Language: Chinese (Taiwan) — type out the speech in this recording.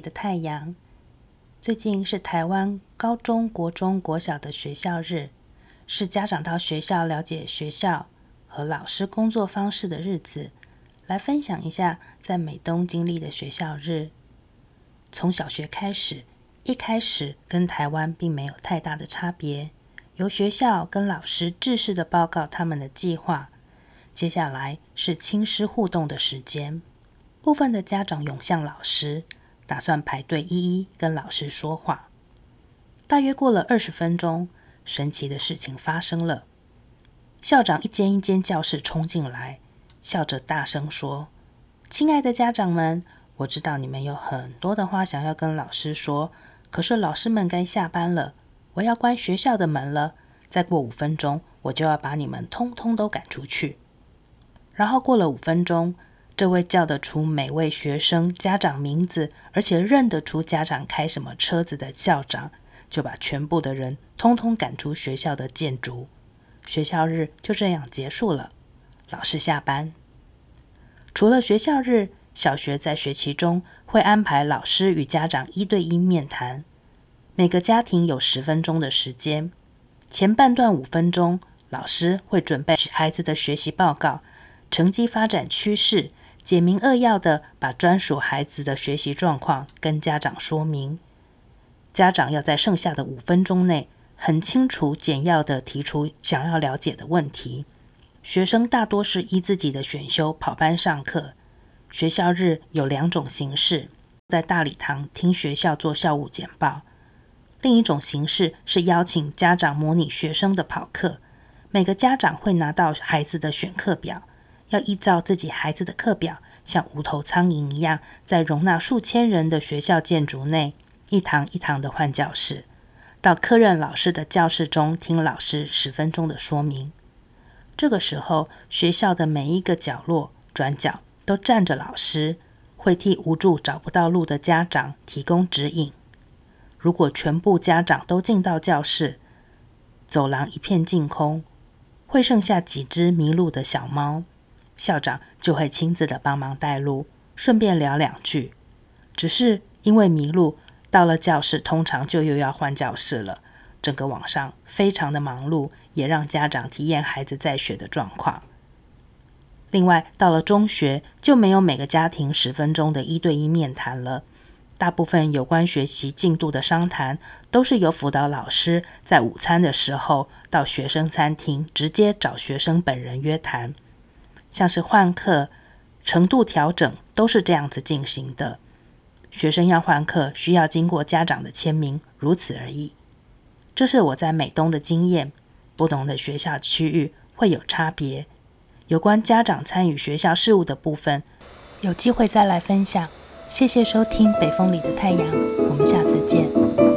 的太陽，最近是台灣高中國中國小的學校日，是家長到學校了解學校和老師工作方式的日子。來分享一下在美東經歷的學校日。從小學開始，一開始跟台灣並沒有太大的差別，由學校跟老師制式的報告他們的計劃。接下來是親師互動的時間，部分的家長湧向老師。打算排隊一一跟老師說話。大約過了二十分鐘，神奇的事情發生了。校長一間一間教室衝進來，笑着大聲說：“親愛的家長們，我知道你們有很多的話想要跟老師說，可是老師們該下班了，我要關學校的門了。再過五分鐘，我就要把你們通通都趕出去。”然後過了五分鐘，這位叫得出每位學生家長名字，而且認得出家長開什麼車子的校長，就把全部的人通通趕出學校的建築。學校日就這樣結束了。老師下班。除了學校日，小學在學期中會安排老師與家長一對一面談，每個家庭有十分鐘的時間。前半段五分鐘，老師會準備孩子的學習報告、成績發展趨勢。簡明扼要的把專屬孩子的學習狀況跟家長說明，家長要在剩下的五分鐘內很清楚、簡要的提出想要了解的問題。學生大多是依自己的選修跑班上課，學校日有兩種形式：在大禮堂聽學校做校務簡報，另一種形式是邀請家長模擬學生的跑課。每個家長會拿到孩子的選課表。要依照自己孩子的課表，像無頭蒼蠅一樣，在容納數千人的學校建築內，一堂一堂地換教室，到課任老師的教室中聽老師十分鐘的說明。這個時候，學校的每一個角落、轉角都站着老師，會替無助找不到路的家長提供指引。如果全部家長都進到教室，走廊一片淨空，會剩下幾隻迷路的小貓。校長就會親自的幫忙帶路，順便聊兩句。只是因為迷路，到了教室通常就又要換教室了。整個晚上非常的忙碌，也讓家長體驗孩子在學的狀況。另外，到了中學就沒有每個家庭十分鐘的一對一面談了，大部分有關學習進度的商談都是由輔導老師在午餐的時候到學生餐廳直接找學生本人約談。像是換課、程度調整都是這樣子進行的，學生要換課，需要經過家長的簽名，如此而已。這是我在美東的經驗，不同的學校區域會有差別。有關家長參與學校事務的部分，有機會再來分享。謝謝收聽《北風裡的太陽》，我們下次見。